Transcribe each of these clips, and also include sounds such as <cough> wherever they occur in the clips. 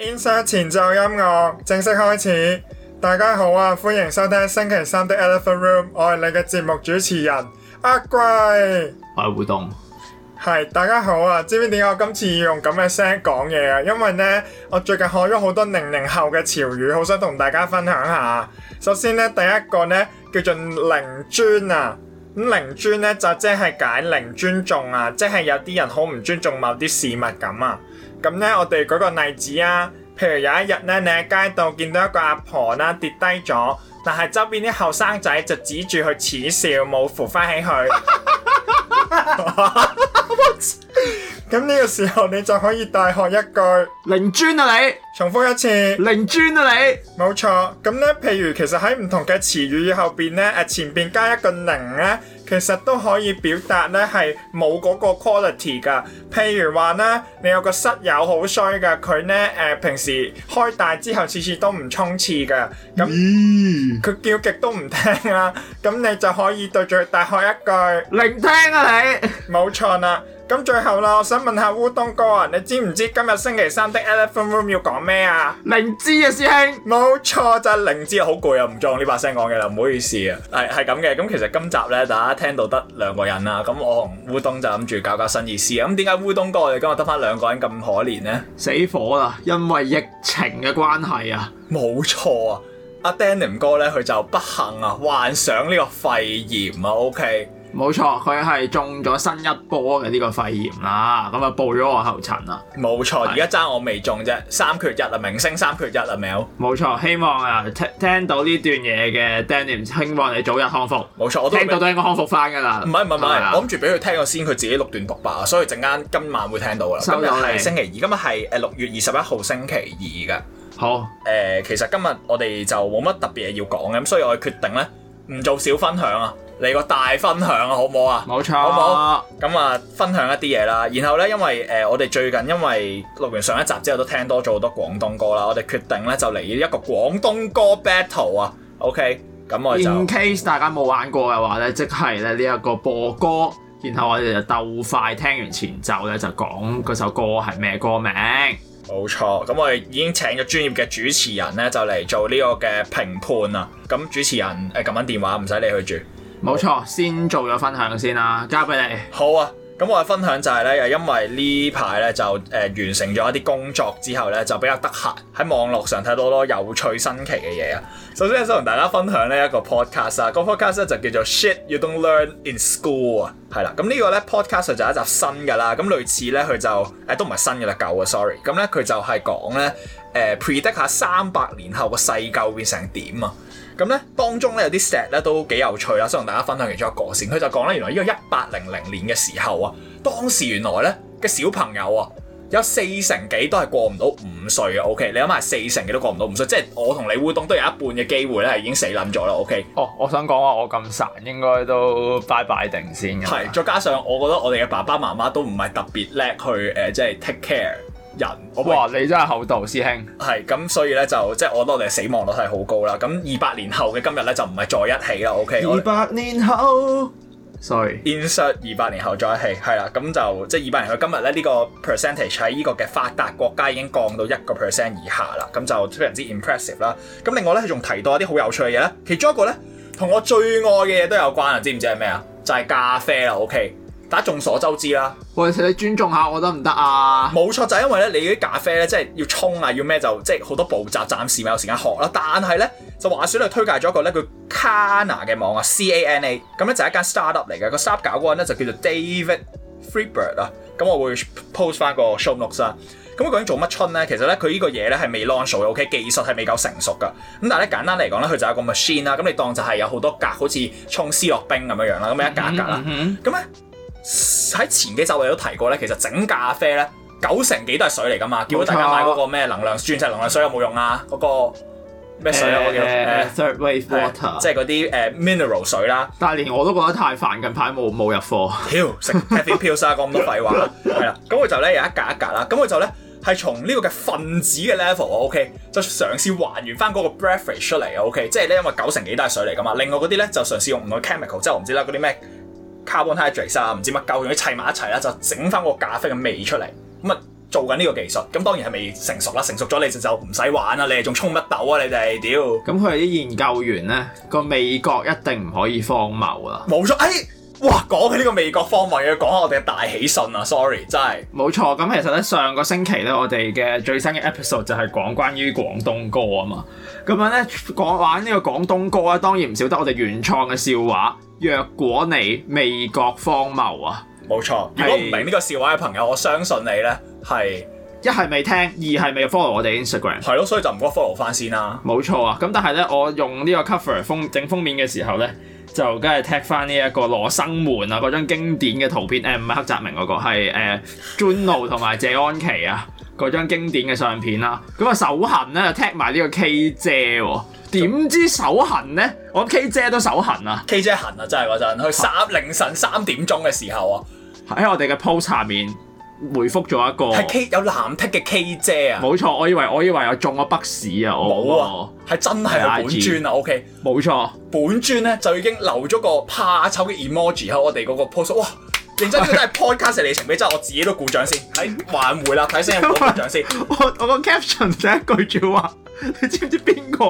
Insert 前奏音樂正式開始，大家好啊，歡迎收聽星期三的 Elephant Room，我係你嘅節目主持人阿貴。我係胡東。係，大家好啊，知唔知點解我今次要用咁嘅聲講嘢啊？因為呢，我最近學咗好多零零後嘅潮語，好想同大家分享下。首先呢，第一個呢，叫做零尊啊，咁零尊呢，就即係解零尊重啊，即係有啲人好唔尊重某啲事物咁啊。咁咧，我哋舉個例子啊，譬如有一日咧，你喺街度見到一個阿婆啦，跌低咗，但係周邊啲後生仔就指住佢恥笑，冇扶翻起佢。咁呢 <laughs> <laughs> <laughs> 個時候，你就可以大喝一句：論盡啊你！重複一次，零磚啊你，冇錯。咁咧，譬如其實喺唔同嘅詞語後邊咧，誒前邊加一個零咧，其實都可以表達咧係冇嗰個 quality 噶。譬如話咧，你有個室友好衰噶，佢咧誒平時開大之後次次都唔沖廁噶，咁佢耶叫極都唔聽啦、啊。咁你就可以對住佢大開一句，零聽啊你，冇錯啦。 <laughs> 咁最後啦，我想問下烏冬哥啊，你知唔知今日星期三的 Elephant Room 要講咩啊？靈芝啊，師兄，冇錯就係、是、靈芝，好攰啊，唔再用呢把聲講嘅啦，唔好意思啊，係係咁嘅。咁其實今集咧，大家聽到得兩個人啦。咁我同烏冬就諗住搞搞新意思啊。咁點解烏冬哥我哋今日得翻兩個人咁可憐呢？死火啦，因為疫情嘅關係啊，冇錯啊，阿 denim 哥咧，佢就不幸啊患上呢個肺炎啊，OK。冇錯，佢係中咗新一波嘅呢個肺炎啦，咁啊報咗我後塵啦。冇錯錯，是而家爭我未中啫，三缺一啊，明星三缺一啊，咪好？冇錯，希望啊聽聽到呢段嘢嘅 denim，希望你早日康復。冇錯，我都聽到都應該康復翻噶啦。唔係唔係唔係，嗎我諗住俾佢聽個先，佢自己錄段獨白啊，所以陣間今晚會聽到啦。今日係星期二，今日係誒六月二十一號星期二噶。好誒、呃，其實今日我哋就冇乜特別嘢要講嘅，咁所以我決定咧唔做小分享啊。嚟個大分享啊，好唔好啊？冇錯，好唔好？咁啊，分享一啲嘢啦。然後呢，因為誒、呃，我哋最近因為錄完上一集之後，都聽多咗好多廣東歌啦，我哋決定呢就嚟一個廣東歌 battle 啊。OK，咁我就。In case 大家冇玩過嘅話呢，即係咧呢一個播歌，然後我哋就鬥快聽完前奏呢，就講嗰首歌係咩歌名。冇錯，咁我哋已經請咗專業嘅主持人呢，就嚟做呢個嘅評判啊。咁主持人誒撳緊電話，唔使你去住。冇錯，先做咗分享先啦，交俾你。好啊，咁我嘅分享就係咧，又因為呢排咧就誒完成咗一啲工作之後咧，就比較得閒喺網絡上睇到多有趣新奇嘅嘢啊。首先想同大家分享呢一個 podcast 啊，個 podcast 咧就叫做 Shit You Don't Learn in School 啊，係啦。咁呢個咧 podcast 就係一集新噶啦，咁類似咧佢就誒、欸、都唔係新噶啦，舊啊，sorry。咁咧佢就係講咧誒 predict 下三百年後個世界會變成點啊。咁咧，當中咧有啲石咧都幾有趣啦，想同大家分享其中一個先。佢就講咧，原來呢個一八零零年嘅時候啊，當時原來咧嘅小朋友啊，有四成幾都係過唔到五歲啊。OK，你諗下，四成幾都過唔到五歲，即係我同你 Udon 都有一半嘅機會咧，係已經死冧咗啦。OK。哦，我想講話，我咁孱應該都拜拜定先嘅。係，再加上我覺得我哋嘅爸爸媽媽都唔係特別叻去誒，即、呃、係、即係、take care。人哇，我沒你真係厚道師兄。係咁，所以咧就即係我覺得我哋死亡率係好高啦。咁二百年後嘅今日咧就唔係在一起啦。O K。二百年後我，sorry。Insert 二百年後再一起係啦。咁就即係二百年後今日咧呢、呢個 percentage 喺呢個嘅發達國家已經降到一個 percent 以下啦。咁就非常之 impressive 啦。咁另外咧佢仲提到一啲好有趣嘅嘢咧。其中一個咧同我最愛嘅嘢都有關啊。知唔知係咩啊？就係、係、咖啡啦。O K。打眾所周知啦，我請你尊重下我得唔得啊？冇錯，就係因為咧，你啲咖啡咧，即係要沖啊，要咩就即係好多步驟，暫時未有時間學啦。但係咧，就話小女推介咗一個咧叫 Cana 嘅網啊，C A N A。咁咧就一間 startup 嚟嘅，up 這個創搞嗰個咧就叫做 David Friedberg 啊。咁我會 post 翻個 show notes 啦。咁究竟做乜春咧？其實咧佢呢個嘢咧係未 launch 嘅，OK，技術係未夠成熟㗎。咁但係咧簡單嚟講咧，佢就有一個 machine 啦。咁你當就係有好多格，好似沖思樂冰咁樣樣啦。咁一格格啦，咁咧、mm。Hmm. 喺前幾集我哋都提過咧，其實整咖啡咧九成幾都係水嚟噶嘛。叫做大家買嗰個咩能量、鑽石能量水有冇用啊？嗰、那個咩水啊？欸、我叫、欸、Third Wave Water，即係嗰啲誒 mineral 水啦。但係連我都覺得太煩，近排冇冇入貨。屌，食咖啡 pill 啦，講咁多廢話係啦。咁佢 <laughs> 就咧有一格一格啦。咁佢就咧係從呢個嘅分子嘅 level，O、okay, K，就嘗試還原翻嗰個 breakfast 出嚟，O K，即係咧因為九成幾都係水嚟噶嘛。另外嗰啲咧就嘗試用唔同 chemical，即係我唔知啦嗰啲咩。carbonhydrates 啊，唔知乜鳩，用一砌埋一齊啦，就整翻個咖啡嘅味出嚟。咁啊，做緊呢個技術，咁當然係未成熟啦。成熟咗你就就唔使玩啦，你哋仲沖乜豆啊？你哋屌！咁佢哋啲研究員咧，個味覺一定唔可以荒謬啦。冇錯，哎，哇！講起呢個味覺荒謬，要講下我哋嘅大喜訊啊。Sorry，真係冇錯。咁其實咧，上個星期咧，我哋嘅最新嘅 episode 就係講關於廣東歌啊嘛。咁樣咧，講玩呢個廣東歌咧，當然唔少得我哋原創嘅笑話。若果你未覺荒謬啊，冇錯。是如果唔明呢個笑話嘅朋友，我相信你咧，係一係未聽，二係未 follow 我哋 Instagram。係咯，所以就唔該 follow 翻先啦。冇錯啊，咁但係咧，我用呢個 cover 封整封面嘅時候咧，就梗係踢翻呢一個羅生門啊，嗰張經典嘅圖片，誒唔係黑澤明嗰、那個，係誒 Juno 同埋謝安琪啊。嗰張經典嘅相片啦，咁啊手痕咧就踢埋呢個 K 姐喎，點知手痕咧，我覺得 K 姐都手痕啊，K 姐痕啊，真係嗰陣去三凌晨三點鐘嘅時候啊，喺我哋嘅 post 下面回覆咗一個係 K 有藍剔嘅 K 姐啊，冇錯，我以為我以為我中咗筆屎啊，我冇啊，係真係本尊啊 G，OK，冇錯，本尊咧就已經留咗個怕醜嘅 emoji 喺我哋嗰個 post，哇！認真，佢都係 podcast 嚟成嘅，即係，我自己都鼓掌先。喺、哎、挽回啦，睇先鼓掌先。我我個 caption 第一句住話，你知唔知邊個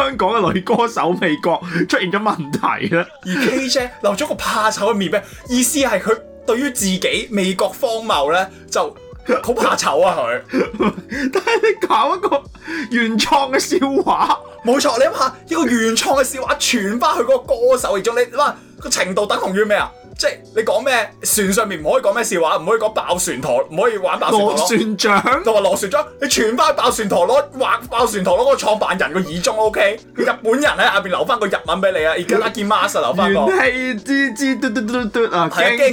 香港嘅女歌手味覺出現咗問題咧？而 K 姐留咗個怕醜嘅面咩？意思係佢對於自己味覺荒謬咧就好怕醜啊佢。但係你搞一個原創嘅笑話，冇錯，你諗下一個原創嘅笑話傳翻去嗰個歌手，而做你哇個程度等同於咩啊？即係你講咩船上面唔可以講咩笑話，唔可以講爆船陀，唔可以玩爆船陀。船長就話落船長，你傳翻爆船陀螺畫爆船陀螺嗰個創辦人個耳中 OK， <laughs> 日本人喺下邊留翻個日文俾你啊，lucky master 留翻個系，氣之之嘟啊，係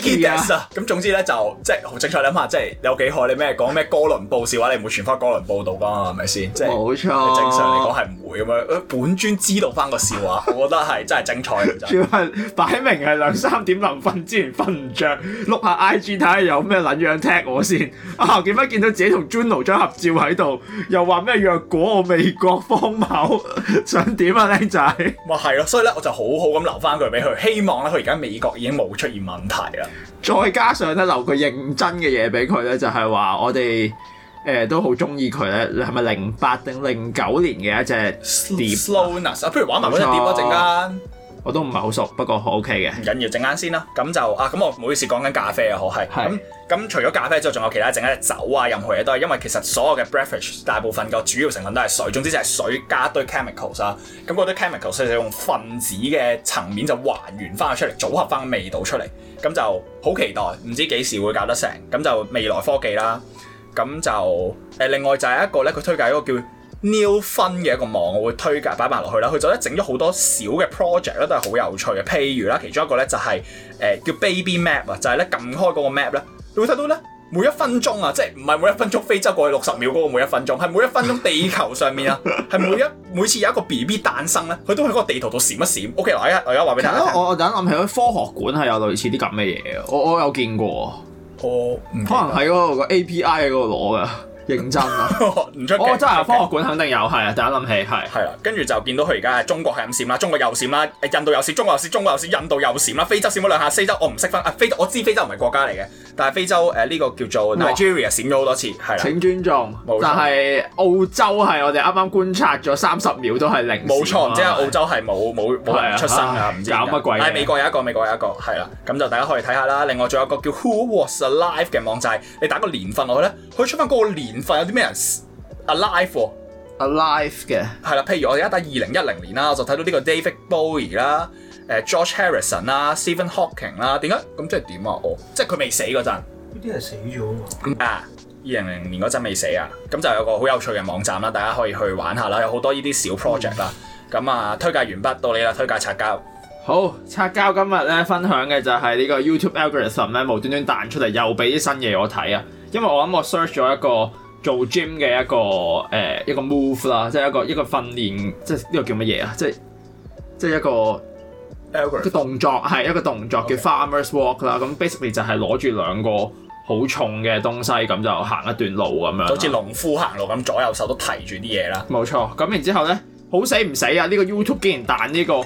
咁總之咧就即係好精彩，你諗下即係有幾害你咩講咩哥倫布笑話，你唔會傳翻哥倫布度㗎係咪先？錯即係冇錯，正常嚟講係唔會咁樣。本尊知道翻個笑話， <laughs> 我覺得係真係精彩。叫係擺明係兩三點留翻。之前瞓唔着，碌下 IG 睇下有咩撚樣踢我先。啊，點解見到自己同 Juno 張合照喺度，又話咩若果我美國荒謬想點啊靚仔？哇係咯，所以咧我就好好咁留翻佢俾佢，希望咧佢而家美國已經冇出現問題啦。再加上咧留佢認真嘅嘢俾佢咧，就係、是、話我哋誒、呃、都好中意佢咧。你係咪零八定零九年嘅一隻 Slowness，啊，不如玩埋隻碟一陣間我都唔係好熟，不過好 OK 嘅。唔緊要，陣間先啦。咁就啊，咁我唔好意思講緊咖啡啊，可係。係是。咁咁除咗咖啡之後，仲有其他整啲酒啊，任何嘢都係。因為其實所有嘅 beverage 大部分個主要成分都係水，總之就係水加堆 chemicals 啊。咁嗰堆 chemicals 就用分子嘅層面就還原翻佢出嚟，組合翻個味道出嚟。咁就好期待，唔知幾時會搞得成。咁就未來科技啦。咁就誒、呃，另外就係一個咧，佢推介一個叫 neal.fun 嘅一個網，我會推介擺埋落去啦。佢就咧整咗好多小嘅 project 啦，都係好有趣嘅。譬如啦，其中一個咧就係、是、誒、呃、叫 Baby Map 啊，就係咧撳開嗰個 map 咧，你會睇到咧每一分鐘啊，即係唔係每一分鐘飛洲、就是、過去六十秒嗰個每一分鐘，係每一分鐘地球上面啊，係 <laughs> 每一每次有一個 BB 誕生咧，佢都喺嗰個地圖度閃一閃。OK，嗱，我而家而家話俾你聽，我我突然諗起，科學館係有類似啲咁嘅嘢，我我有見過，哦、可能喺個 API 嗰度攞噶。認真啊！唔出奇。我真係科學館肯定有，係啊！突然間諗起，係係啦。跟住就見到佢而家係中國係咁閃啦，中國又閃啦，印度又閃，中國又閃，中國又閃，印度又閃啦，非洲閃咗兩下，非洲我唔識分啊！非洲我知非洲唔係國家嚟嘅，但係非洲誒呢個叫做 Nigeria 閃咗好多次，係啦。請尊重。冇錯。但係澳洲係我哋啱啱觀察咗三十秒都係零。冇錯，即係澳洲係冇冇冇人出生啊！唔知點搞乜鬼啊！但係美國有一個，美國有一個，係啦。咁就大家可以睇下啦。另外仲有個叫 Who Was Alive 嘅網站，你打個年份落去咧，佢出翻嗰個年。有啲咩人 alive alive 嘅係啦，譬如我而家打二零一零年啦，我就睇到呢個 David Bowie 啦、誒 George Harrison 啦、Stephen Hawking 啦，點解咁即係點啊？哦即係佢未死嗰陣，呢啲係死咗啊！咁啊，二零零年嗰陣未死啊，咁就有一個好有趣嘅網站啦，大家可以去玩下啦，有好多呢啲小 project 啦。咁啊、嗯，推介完畢，到你啦，推介拆膠。好，拆膠今日咧分享嘅就係呢個 YouTube algorithm 咧，無端端彈出嚟又俾啲新嘢我睇啊，因為我諗我 search 咗一個。做 gym 嘅一個誒、呃、一個 move 啦，即係一個一個訓練，即係呢個叫乜嘢啊？即係即係一個嘅動作，係 Algorithm. 一個動作，一個動作叫 farmers walk 啦 Okay、嗯。咁 basically 就係攞住兩個好重嘅東西，咁就行一段路咁樣。好似農夫行路咁，左右手都提住啲嘢啦。冇錯，咁然之後咧，好死唔死啊？呢、呢個 YouTube 竟然彈呢、呢個。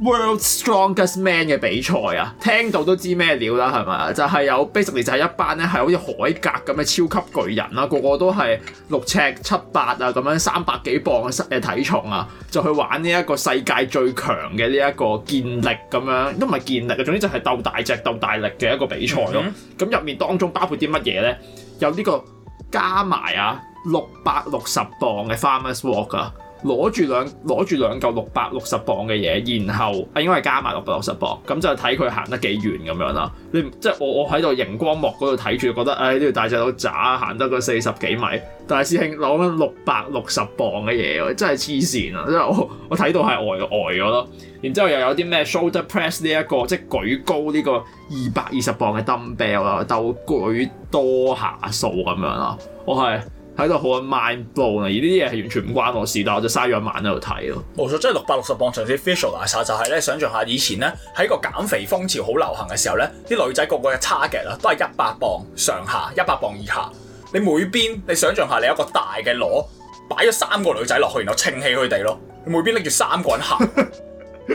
World's Strongest Man 嘅比賽啊，聽到都知咩料啦，係咪？就係、是、有 Basically 就係一班咧，係好似海格咁嘅超級巨人啦、啊，個個都係六尺七八啊咁樣，三百幾磅嘅體重啊，就去玩呢一個世界最強嘅呢一個健力咁樣，都唔係健力啊，總之就係鬥大隻、鬥大力嘅一個比賽咯、啊。咁入面當中包括啲乜嘢呢？有呢、這個加埋啊，六百六十磅嘅 Farmers Walk 啊！攞住兩攞住兩嚿六百六十磅嘅嘢，然後啊、哎、應該係加埋六百六十磅，咁就睇佢行得幾遠咁樣啦。你即係我我喺度熒光幕嗰度睇住，覺得唉呢條大隻佬渣行得個四十幾米，但係師兄攞緊六百六十磅嘅嘢，真係黐線啊！即係我我睇到係呆呆咗咯。然之後又有啲咩 shoulder press 呢、這、一個即係舉高呢個二百二十磅嘅 dumbbell 啦，都舉多下數咁樣啦。我、哦、係。喺度好嘅 mind blown 啊！而啲嘢係完全唔關我事，但我就嘥咗一晚喺度睇咯。冇錯，真係六百六十磅上次 physical 大晒就係咧。想象下以前咧，喺個減肥風潮好流行嘅時候咧，啲女仔個個嘅 target 啊，都係一百磅上下、一百磅以下。你每邊，你想象下，你有一個大嘅螺擺咗三個女仔落去，然後清起佢哋咯。每邊拎住三個人行，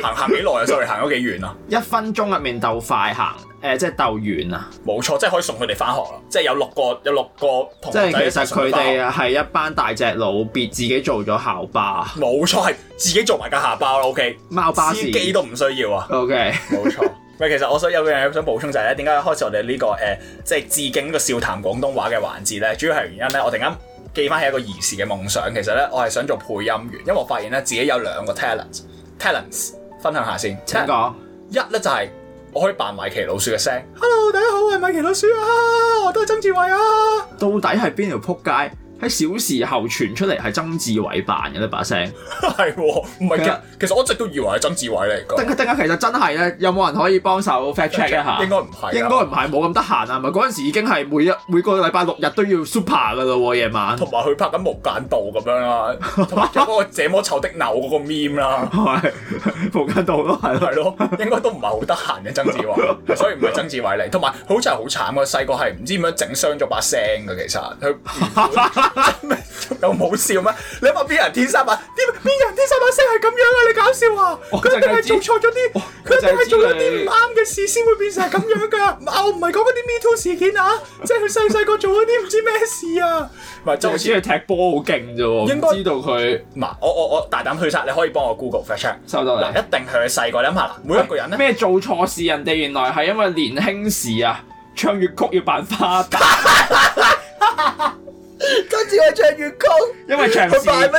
行行幾耐啊？即係行咗幾遠啊？ <laughs> 一分鐘入面鬥快行。誒即係鬥完啊！冇錯，即係可以送佢哋翻學咯。即係有六個有六個同學仔嘅校巴。即係其實佢哋係一班大隻佬別自己做咗校巴。冇錯，係自己做埋架校巴咯。O K. 貓巴士司機都唔需要啊。O K. 冇錯。喂， <laughs> 其實我想有樣嘢想補充就係、是、咧，點解開始我哋呢、這個誒即係致敬個笑談廣東話嘅環節咧？主要係原因咧，我突然間記翻起一個兒時嘅夢想，其實咧我係想做配音員，因為我發現咧自己有兩個 talent。talents 分享下先。請講說。一咧就係、是。我可以扮米奇老鼠嘅聲。Hello，大家好，我係米奇老鼠啊，我都係曾志偉啊。到底係邊條撲街？喺小時候傳出嚟係曾志偉扮嘅呢把聲、 <laughs> 哦，係喎，唔係其其實我一直都以為係曾志偉嚟嘅。等等下，定下其實真係咧，有冇人可以幫手 fact check 一下？應該唔係，應該唔係冇咁得閒啊！咪嗰陣時已經係每一每個禮拜六日都要 super 嘅咯夜晚，同埋佢拍緊《無間道》咁樣啦，拍嗰個這麼醜的扭嗰個 meme 啦，係無間道都係係咯，應該都唔係好得閒嘅曾志偉， <laughs> 所以唔係曾志偉嚟。同埋好似係好慘嘅，細個係唔知點樣整傷咗把聲嘅，其實佢。 <laughs> 唔咪又冇笑咩？你諗下邊人天生啊？點邊人天生把聲係咁樣啊？你搞笑啊！佢一定係做錯咗啲，佢一定係做咗啲唔啱嘅事先會變成咁樣噶、啊。你 <laughs> 我唔係講嗰啲 Me Too 事件啊， <laughs> 即係佢細細個做嗰啲唔知咩事啊。唔就算佢踢波好勁啫喎。應該知道佢。嗱，我我我，我大膽去測，你可以幫我 Google fact check 收到啦。一定係佢細個。你諗下啦，每一個人咧。咩做錯事？人哋原來係因為年輕時啊，唱粵曲要扮花 <laughs> 跟住我唱粵曲，因為長時間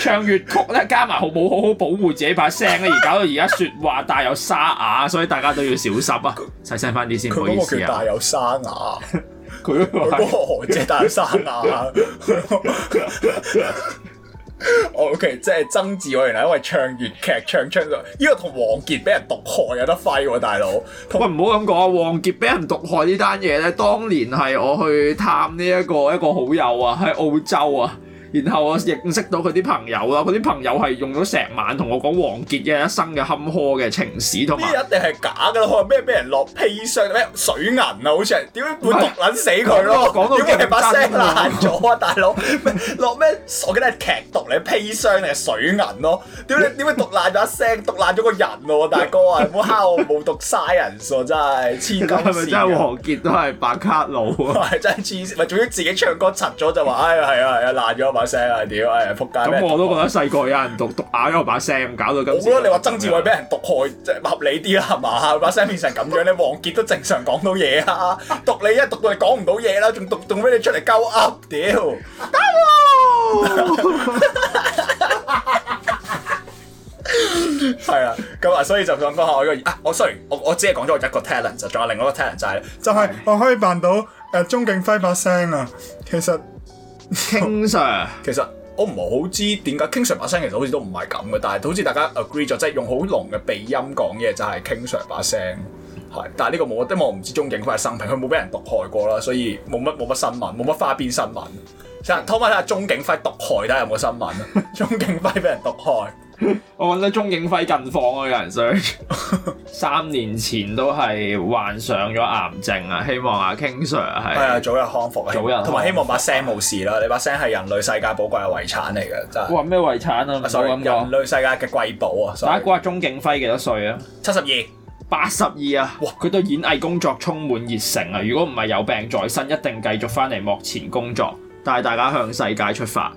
唱粵曲咧，加埋好冇好好保護自己把聲咧， <laughs> 而搞到而家說話帶有沙啞，所以大家都要小心啊，細聲翻啲先，唔好意思啊。佢個喉帶有沙啞，佢嗰 <laughs> 他說 個喉結帶沙啞。 <laughs> <laughs> <laughs> O、okay, K，即係曾志偉原來因為唱粵劇唱出咗，呢個同王傑俾人毒害有得揮喎、啊，大佬。同喂，唔好咁講啊，王傑俾人毒害呢單嘢咧，當年係我去探呢、這、一個一個好友啊，喺澳洲啊。然後我認識到佢啲朋友啦，佢啲朋友係用咗成晚同我講王傑嘅一生嘅坎坷嘅情史同埋。呢啲一定係假㗎啦，咩俾人落砒霜，咩水銀啊，好似係點解會毒撚死佢咯？點解你把聲爛咗啊，大佬？落咩 <laughs> 我記得係劇毒嚟砒霜定係水銀咯？點解點解毒爛咗把聲，毒爛咗個人喎，大哥啊！唔好蝦我冇讀 science，真係黐線！係咪真係王傑都係白卡佬啊？係真黐線！總之自己唱歌殘咗就話，係啊係啊爛咗聲啊！屌，哎，仆街！咁我都覺得細個有人讀讀啞咗把聲，搞到咁。好啦，你話曾志偉俾人毒害，即係合理啲啦，係嘛？把聲變成咁樣，你王傑都正常講到嘢啊！讀你一讀到你講唔到嘢啦，仲讀仲俾你出嚟鳩噏，屌！係啊，咁啊，所以就想講下我個啊，我雖然我我只係講咗我一個 talent，就仲有另一個 talent 就係我可以扮到誒，鍾景輝把聲啊，其實。King Sir 其實我唔係好知點解 King Sir 把聲其實好似都唔係咁嘅，但係好似大家 agree 咗，即係用好濃嘅鼻音講嘢就係、是、King Sir 把聲，係。但係呢個冇，因為我唔知鐘景輝係生平，佢冇俾人毒害過啦，所以冇乜冇乜新聞，冇乜花邊新聞。想日 <laughs> 拖翻睇下鐘景輝毒害，睇下有冇新聞，鐘 <laughs> 景輝俾人毒害。 <laughs> 我揾咗鐘景輝近況啊，有人 s 三年前都係患上咗癌症啊，希望阿 King Sir 係啊早日康復，早日同埋希望把聲冇事啦，啊、你把聲係人類世界寶貴嘅遺產嚟噶，即係咩遺產啊？咁人類世界嘅貴寶啊！大家估下鐘景輝幾多歲啊？七十二、八十二啊！哇，佢對演藝工作充滿熱誠啊！如果唔係有病在身，一定繼續翻嚟幕前工作，帶大家向世界出發。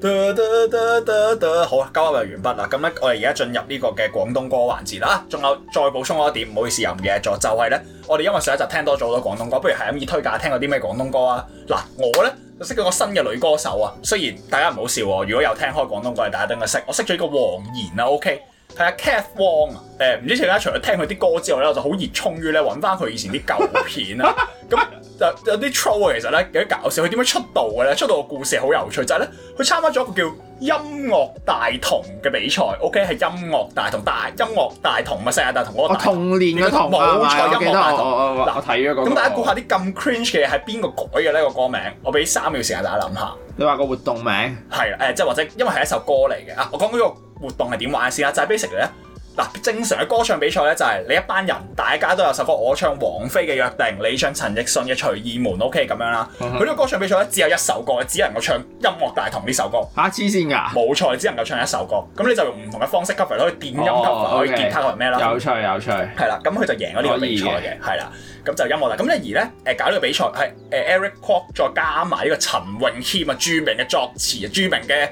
噠噠噠噠噠噠好啦，交流完畢啦。咁咧，我哋而家進入呢個嘅廣東歌環節啦。仲有再補充我一點，唔好意思又唔記得咗，就係呢。我哋因為上一集聽多咗好多廣東歌，不如係咁意推介聽過啲咩廣東歌啊？嗱，我呢，就識咗個新嘅女歌手啊。雖然大家唔好笑喎，如果有聽開廣東歌，大家等我識。我識咗一個黃妍啦，OK。係啊，Cath Wong 啊，唔知大家除咗聽佢啲歌之外咧，我就好熱衷於咧揾翻佢以前啲舊片啊，咁 <laughs> 就有啲 troll 啊，其實咧有啲搞笑。佢點樣出道嘅咧？出道嘅故事好有趣，就係咧佢參加咗一個叫音樂大同嘅比賽，OK 係音樂大同，但音樂大同咪世界大同，個大同我同年嘅同啊嘛，同錯我記得啦。嗱，那我睇咗嗰個。咁大家估下啲咁 cringe 嘅係邊個改嘅呢、這個歌名？我俾三秒時間大家諗下。你話個活動名？係啊，即係或者因為係一首歌嚟嘅啊，我講嗰、這個。活動係點玩先啦？就係俾食佢咧。嗱，正常嘅歌唱比賽咧，就係你一班人，大家都有首歌。我唱王菲嘅《約定》，你唱陳奕迅嘅《隨意門》OK。OK，咁樣啦。佢呢個歌唱比賽咧，只有一首歌，只能夠唱《音樂大同呢首歌。嚇、啊！黐線㗎！冇錯，只能夠唱一首歌。咁你就用唔同嘅方式吸 o v e r 音 cover，吉、哦 okay, 他咩咯。有趣，有趣。係啦，咁佢就贏咗呢個比賽嘅。係啦，咁就音樂大。咁咧而咧，誒搞呢個比賽係誒 Eric Kwok、ok、作加埋呢個陳永謙啊著名嘅作詞啊著名嘅。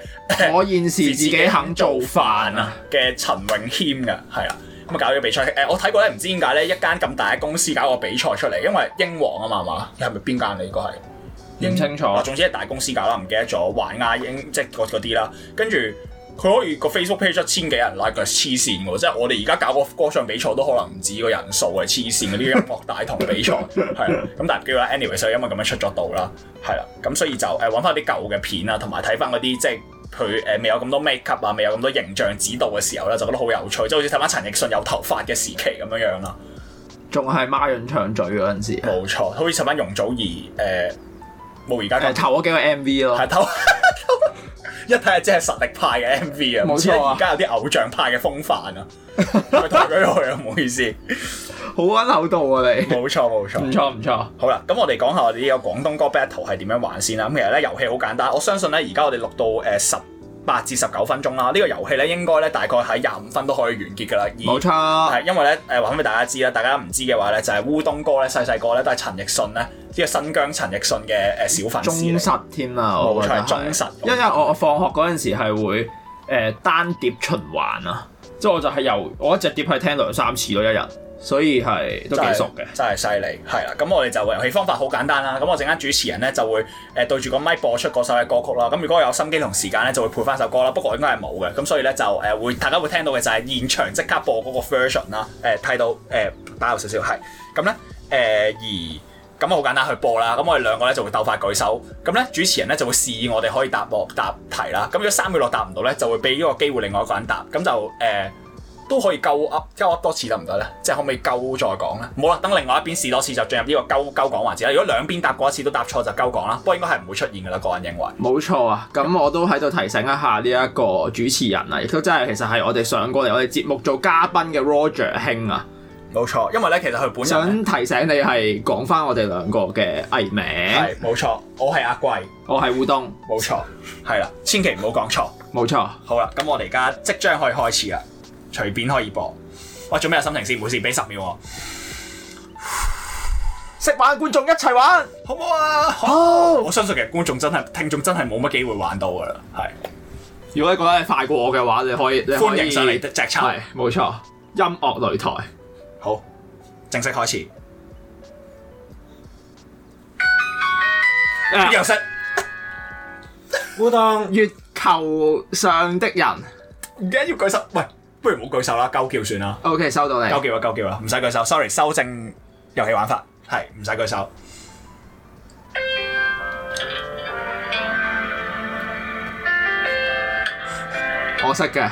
我現時自己肯做飯啊嘅陳永謙㗎，係啦咁啊搞咗個比賽誒，我睇過咧，唔知點解咧一間咁大嘅公司搞個比賽出嚟，因為英皇啊嘛嘛，係咪邊間嚟？個係認清楚。總之係大公司搞啦，唔記得咗環亞英即係嗰啲啦。跟住佢可以個 Facebook page 千幾人 like，黐線㗎，即係、啊、我哋而家搞個歌唱比賽都可能唔止個人數嘅，黐線嘅啲音樂大童比賽係啦。咁 <laughs> 但係，anyway 所以因為咁樣出咗道啦，係啦，咁所以就誒揾翻啲舊嘅片啊，同埋睇翻嗰啲即係。佢誒未有咁多 make up 啊，未有咁多，多形象指導嘅時候咧，就覺得好有趣，即係好似睇翻陳奕迅有頭髮嘅時期咁樣樣啦。仲係孖潤長嘴嗰陣時。冇錯，好似睇翻容祖兒誒。呃冇而家，係、嗯、投嗰幾個 MV 咯，係投一睇下，即係實力派嘅 MV 啊！冇錯啊，而家有啲偶像派嘅風範啊，投咗落去啊，唔好意思好溫、啊，好溫厚道啊你！冇錯冇錯，唔錯唔錯。好啦，咁我哋講下我哋呢個廣東歌 battle 係點樣玩先啦。咁其實咧遊戲好簡單，我相信咧而家我哋錄到誒、呃、十八至十九分鐘啦，呢、呢個遊戲咧應該咧大概喺廿五分都可以完結噶啦。冇錯，係、啊、因為咧誒，話俾大家知啦，大家唔知嘅話咧，就係、係、烏冬哥咧細細個咧都係陳奕迅咧，即、呢個新疆陳奕迅嘅誒小粉絲啦。忠實添啦、啊，我覺得係忠實。因為我放因為我放學嗰陣時係會誒單碟循環啊，即係我就係由我一隻碟係聽兩三次咯，一日。所以係都幾是熟嘅，真係犀利。係啦，咁我哋就遊戲方法好簡單啦。咁我陣間主持人咧就會誒、呃、對住個麥播出嗰首嘅歌曲啦。咁如果有心機同時間咧，就會配翻首歌啦。不過我應該係冇嘅。咁所以咧就誒會大家會聽到嘅就係現場即刻播嗰個 version 啦。誒、呃、睇到誒擺落少少係。咁咧誒而咁啊好簡單去播啦。咁我哋兩個咧就會鬥快舉手。咁咧主持人咧就會示意我哋可以答答題啦。咁如果三秒落答唔到咧，就會俾呢個機會另外一個人答。咁就誒。呃都可以鳩噏鳩噏多次得唔得咧？即係可唔可以鳩再講咧？冇啦，等另外一邊試多次就進入呢個鳩鳩講環節啦。如果兩邊答過一次都答錯就鳩講啦。不過應該係唔會出現噶啦，個人認為。冇錯啊！咁我都喺度提醒一下呢一個主持人啊，亦都真係其實係我哋上過嚟我哋節目做嘉賓嘅 Roger 兄啊。冇錯，因為咧其實佢本身想提醒你係講返我哋兩個嘅藝名。係冇錯，我係阿貴，我係烏冬。冇錯，係啦，千祈唔好講錯。冇錯。好啦，咁我哋而家即將可以開始啦。隨便可以播，我做咩心情先？冇事，俾十秒啊！識玩觀眾一齊玩，好唔好啊？好、oh. 哦！我相信其實觀眾真係聽眾真係冇乜機會玩到噶啦，係。如果你覺得你快過我嘅話，你可以,你可以歡迎上嚟的手。係，冇錯。音樂擂台，好，正式開始。啲人識，我 <laughs> 當月球上的人，唔記得要舉手。喂。不如唔好舉手啦，鳩叫算啦。O、okay, K，收到你。鳩叫啊，鳩叫啊，唔使舉手。Sorry，修正遊戲玩法，係唔使舉手。可惜嘅。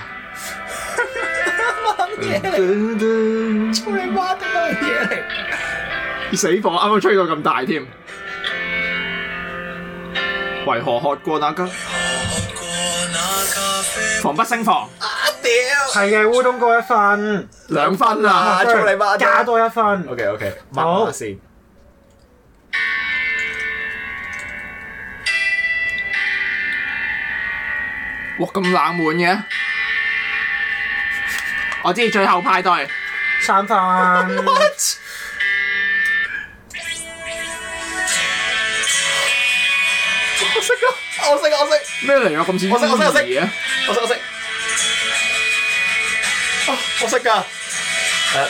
乜嘢嚟？乜嘢嚟？死火，啱啱吹到咁大添。 <laughs> 為何喝過那個？防 <laughs> <laughs> 不勝防。係嘅烏冬過一分，兩分啊，加多一分。OK OK，好先。哇，咁冷門嘅，我知最後派對三分。What？我識啊，我識，我識。咩嚟啊？咁似烏冬嘅，我識，我識。我識㗎，誒，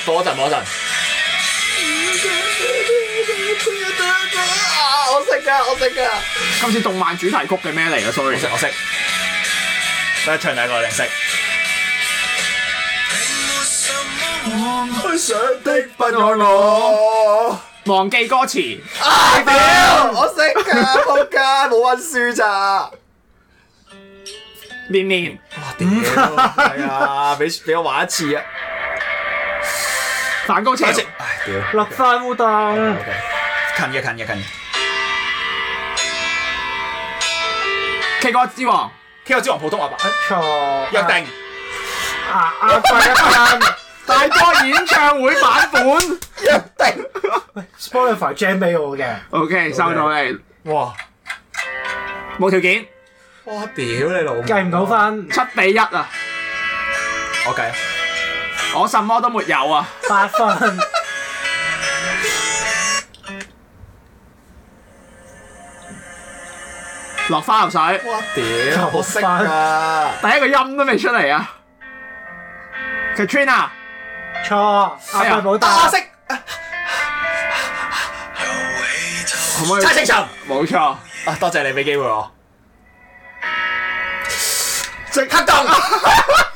等一陣，等一陣。啊，我識㗎，我識㗎。今次動漫主題曲嘅咩嚟㗎？Sorry。我識，我識。得一唱第一個定識。忘記歌詞。啊！我識㗎，我識㗎，冇溫書咋。年年，哇屌！係啊，俾俾我玩一次啊！反光鏡，哎屌！落翻烏冬。O K，近嘅近嘅近嘅。K 歌之王，K 歌之王普通話版。錯。約定。啊啊快啊快！大哥演唱會版本。約定。喂，Spotify jam 俾我嘅。O K 收到嚟。哇！冇條件。我屌你老母！計唔到分，七比一啊！我計，我什麼都沒有啊！八分，落花流水。我屌，好色啊！第一個音都未出嚟啊！Katrina，錯，係咪冇得，花色、啊，猜星辰，冇、啊啊啊、錯，啊多謝你俾機會我。Ro. 識得啊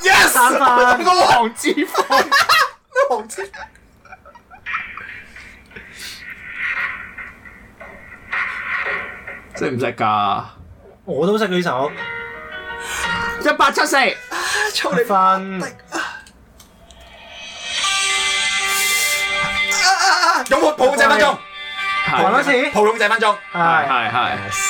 ！Yes，嗰個黃子範，嗰個黃子，識唔識噶？我都識佢呢首。一八七四，操你飯！啊啊啊！有冇抱正分鐘？還一次抱擁正分鐘。係係係。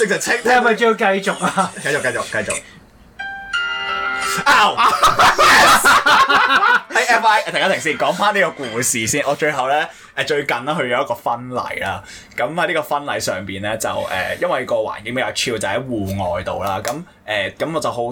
精神清，你係咪要繼續啊？繼續繼續繼續、哦。喺 u t 係 F I 停一停先，講翻呢個故事先。我最後咧誒最近咧去咗一個婚禮啦，咁喺呢個婚禮上邊咧就誒、呃、因為個環境比較潮，就喺、是、戶外度啦。咁誒咁我就好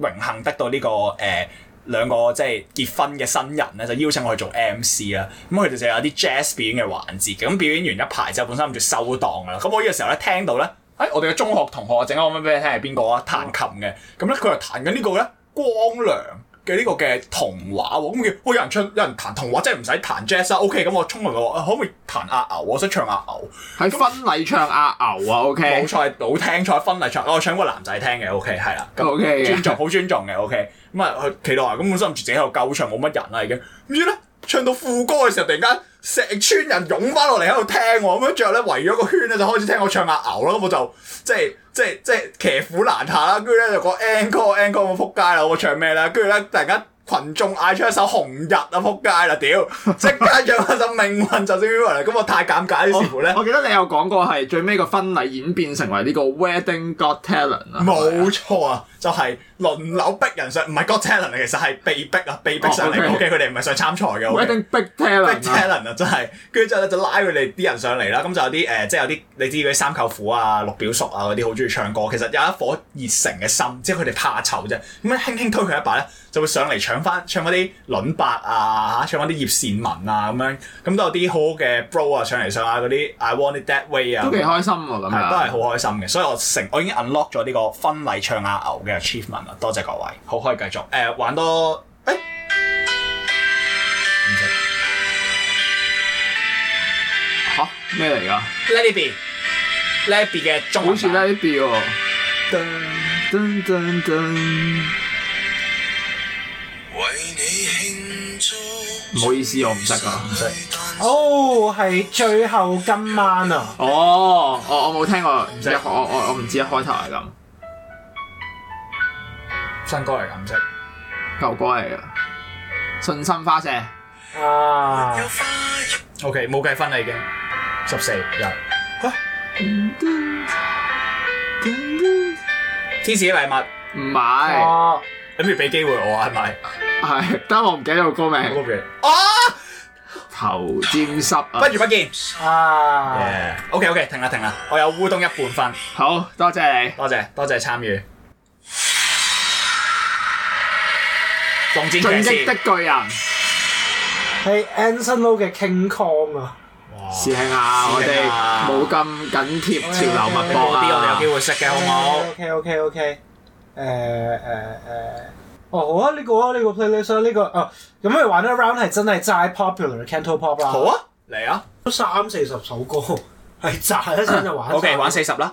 榮幸得到呢、這個誒、呃、兩個即係結婚嘅新人咧，就邀請我去做 M C 啦。咁佢哋就有啲 jazz 表演嘅環節，咁表演完一排之後，本身諗住收檔噶啦。咁我呢個時候咧聽到咧。誒，我哋嘅中學同學，陣間俾你聽係邊個啊？彈琴嘅，咁咧佢又彈緊呢個咧光良嘅呢個嘅童話喎，咁叫，哦，有人唱有人彈童話，即係唔使彈 jazz 啦。O K，咁我衝入嚟，可唔可以彈阿牛？我想唱阿牛，喺婚禮唱阿牛啊。O K，冇錯，好聽錯婚禮唱，我唱過男仔聽嘅。O K，係啦，O K，尊重，好尊重嘅。O K，咁啊期待啊，咁本身諗住自己喺度夠唱冇乜人啦已經，唔知咧唱到副歌嘅時候，突然間。石村人湧翻落嚟喺度聽喎，咁樣最後咧圍咗個圈咧就開始聽我唱阿牛囉，咁我就即係即係即係騎虎難下啦，跟住咧就講 encore encore，我撲街啦，我唱咩咧？跟住咧突然間羣眾嗌出一首紅日啊，撲街啦！屌，即刻唱嗰首命運就，就點樣嚟？咁我太尷尬於是乎咧。 <laughs> 我記得你有講過係最尾個婚禮演變成為呢個 wedding Got talent 啊錯。冇錯啊，就係、是。輪流逼人上，唔係 got talent 其實係被逼啊，被逼上嚟、哦。O.K. 佢哋唔係想參賽嘅。Okay? 一定逼 talent 逼 talent 啊！真係，跟住之後咧就拉佢哋啲人上嚟啦。咁就有啲誒，即、呃、係、就是、有啲你知嘅三舅父啊、六表叔啊嗰啲，好中意唱歌。其實有一顆熱誠嘅心，即係佢哋怕醜啫。咁樣輕輕推佢一把咧，就會上嚟搶翻，唱翻啲倫巴啊，嚇，唱翻啲葉倩文啊咁樣。咁都有啲好嘅 bro 啊上嚟上啊嗰啲 I want it that way 啊，都幾開心我覺得，都係好開心嘅。所以我成我已經 unlock 咗呢個婚禮唱阿牛嘅 achievement。多謝，謝各位，好可以繼續誒、呃、玩多，誒嚇咩嚟㗎？Lady，Lady 嘅中好、啊，好似 Lady 喎。唔好意思，我唔識噶，唔識。哦，係最後今晚啊！哦、oh，我我冇聽過，我我我唔知一開頭係咁。新歌嚟咁啫，舊歌嚟啊！信心花舍。啊，O K，冇計分啦已經，十四日，嚇，天使的禮物，唔係是，oh, 你不如俾機會我啊，係咪？係， <laughs> <laughs> <laughs> 但我唔記得個歌名，aga <laughs> 尖啊，頭尖濕，不如不見，啊，O K O K，停啦停啦，我有烏冬一半分，好多謝，謝你， <laughs> 多謝多謝參與你。進擊的巨人係 Anson Lo 嘅 King Kong 啊！師兄啊，我哋冇咁緊貼潮流，咪多啲我哋有機會識嘅，好唔好？OK OK OK。誒誒誒，哦好啊，呢個啊呢個 playlist 呢個啊，咁你玩得 round 係真係齋 popular，cantopop 啦。好啊，嚟啊，都三四十首歌，係集一陣就玩。好嘅，玩四十啦，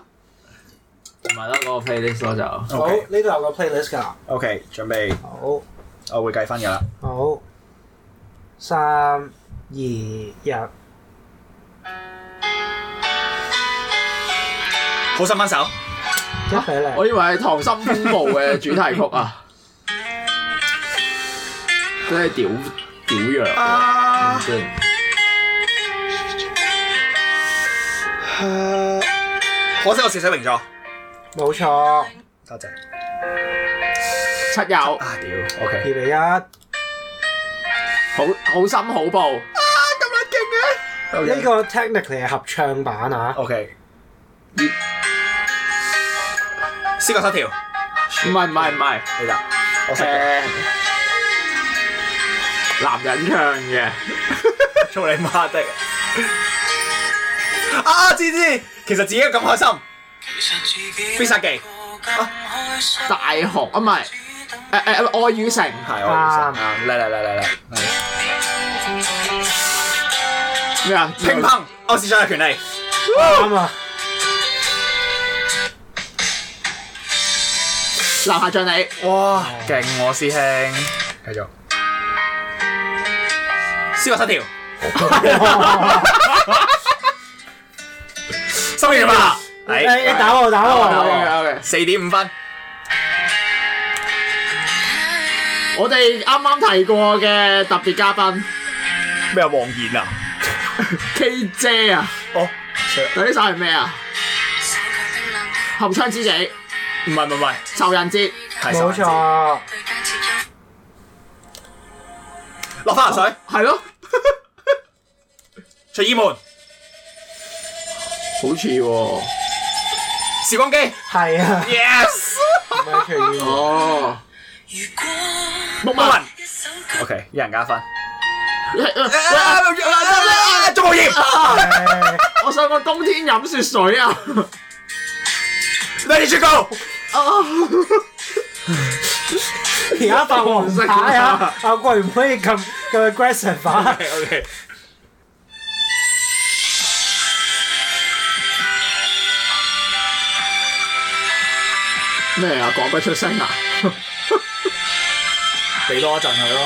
唔係啦，攞個 playlist 就。好，呢度有個 playlist 㗎。OK，準備。好。我會計分嘅啦。好，三二一，好心分手。一嚟，我以為係《溏心風暴》嘅主題曲啊。真係屌屌樣啊！我真係，我真係水瓶座。冇錯。多謝。七友啊屌，OK，二比一，好好心好報啊咁撚勁嘅，呢個 technically 係合唱版啊，OK，思覺失調，唔係唔係唔係，其實我識嘅，男人唱嘅，做你媽的，啊知知，其實自己咁開心，飛殺技，大雄啊唔係。誒誒，愛與誠係，嚟嚟嚟嚟嚟。咩啊？乒乓，我史上嘅權利咁啊！拿下獎你，哇，勁，我師兄繼續。消失掉。收完啦。嚟，你打我打我。四點五分。我哋啱啱提過嘅特別嘉賓咩啊？黃妍啊？K 姐啊？哦，嗱呢首係咩啊？後窗知己？唔係唔係，仇人節？係首錯。落翻口水係咯。隨意門好似喎。時光機係啊。Yes。唔係隨意門哦。木馬雲，O K 一人加分。做咩？做冇業啊！我想過冬天飲雪水啊。Let it go。啊！你阿爸喎，嚇呀！阿 Gwei 唔可以咁咁樣 aggressive，O K。咩啊？講唔出聲啊。俾多一陣佢咯。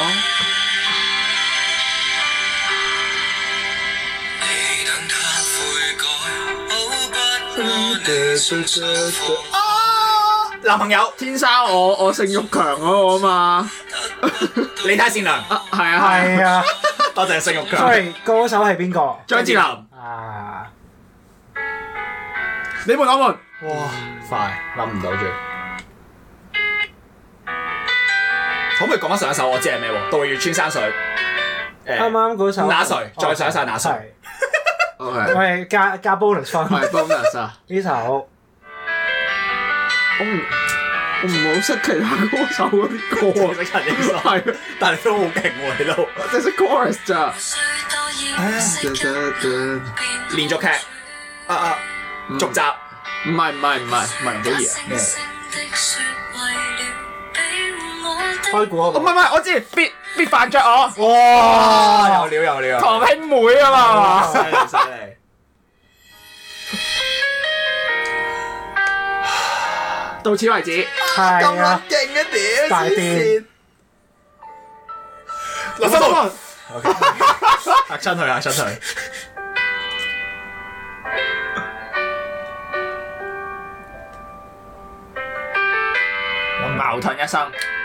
啊！男朋友，天生我我性欲強啊我嘛，你睇先啦。係啊係啊。多謝性欲強。所以歌手係邊個？張智霖。啊！你們安運。哇！快諗唔到住。可唔可以講翻上一首？我知係咩喎？《杜月川山水》。啱啱嗰首。納穗。再上一曬納穗。係加加 bonus 翻。係 bonus 啊！呢首我唔我唔好識其他歌手嗰啲歌。唔識陳奕迅。係，但係都好勁咯。即係識 chorus 咋。唉。連續劇。啊啊！續集。唔係唔係唔係唔係呢啲啊。開唔係唔係，我知，必必犯著我。哇！有料有料。堂兄妹啊嘛。犀利。到此為止。係啊。勁一屌！快啲老濕。嚇親佢啊！嚇親佢。我矛盾一生。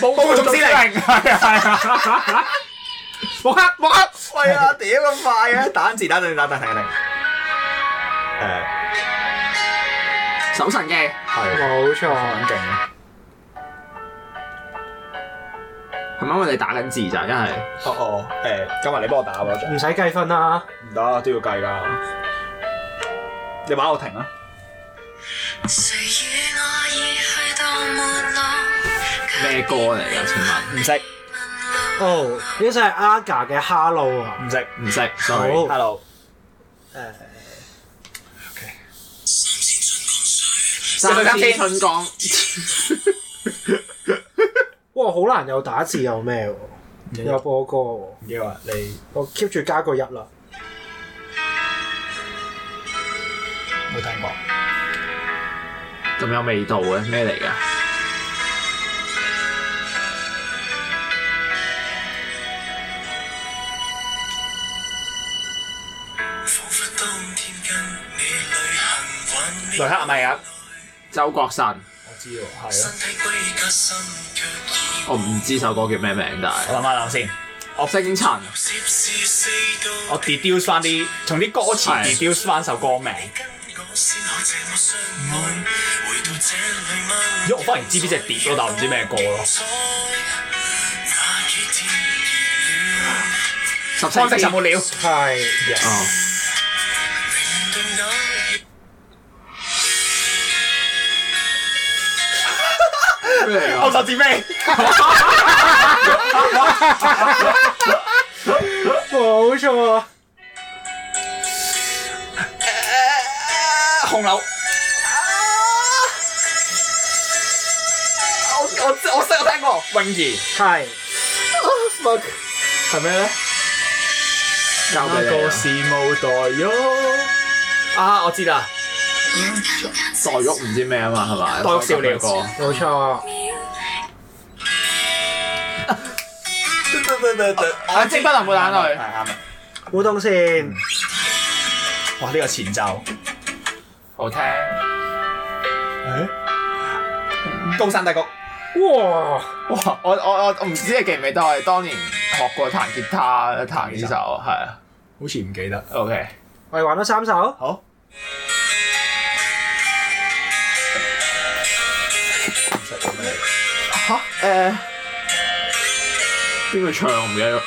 暴暴族指令係啊，冇黑冇黑，喂啊，點咁、 <laughs> 哎、快嘅打字打到你打到停啊！誒，手神嘅，係冇錯，勁，係咪因為你打緊字咋？真係，哦哦，誒，今日你幫我打，唔使計分啦，唔得都要計噶。 <laughs> 你把我停啊！咩歌嚟噶？請問，唔識哦，呢首係 Aga 嘅 Hello 啊！唔識唔識，sorry，Hello，誒 OK，三千春光，三千春光，哇！好難又打字又咩喎？又播歌喎？要啊你，我 keep 住加個一啦，冇聽過咁有味道嘅咩嚟㗎？雷克係咪啊？周國山，我知喎，係啊、嗯。我唔知首歌叫咩名，但係我諗下諗先。我識演唱。我 d e l 翻啲，從啲歌詞 d e l 翻首歌名。喐，我反而知呢隻碟咯，但唔知咩歌咯。三正十冇料，係、啊。十四四十。我識得啲咩？冇錯啊！紅樓，我我我識個大哥，泳兒係。Oh fuck！係咩咧？那個是無代喲。啊，我知啦。黛玉唔知咩啊嘛，係咪？黛玉少年歌，冇錯。啊，積不能冇眼淚，係啱。烏冬先。哇，呢個前奏好聽。誒，高山低谷。哇哇，我我我唔知你記唔記得我哋當年學過彈吉他彈呢首，係啊，好似唔記得。O K，我哋玩多三首。好。嚇，誒，邊個唱唔記得咗？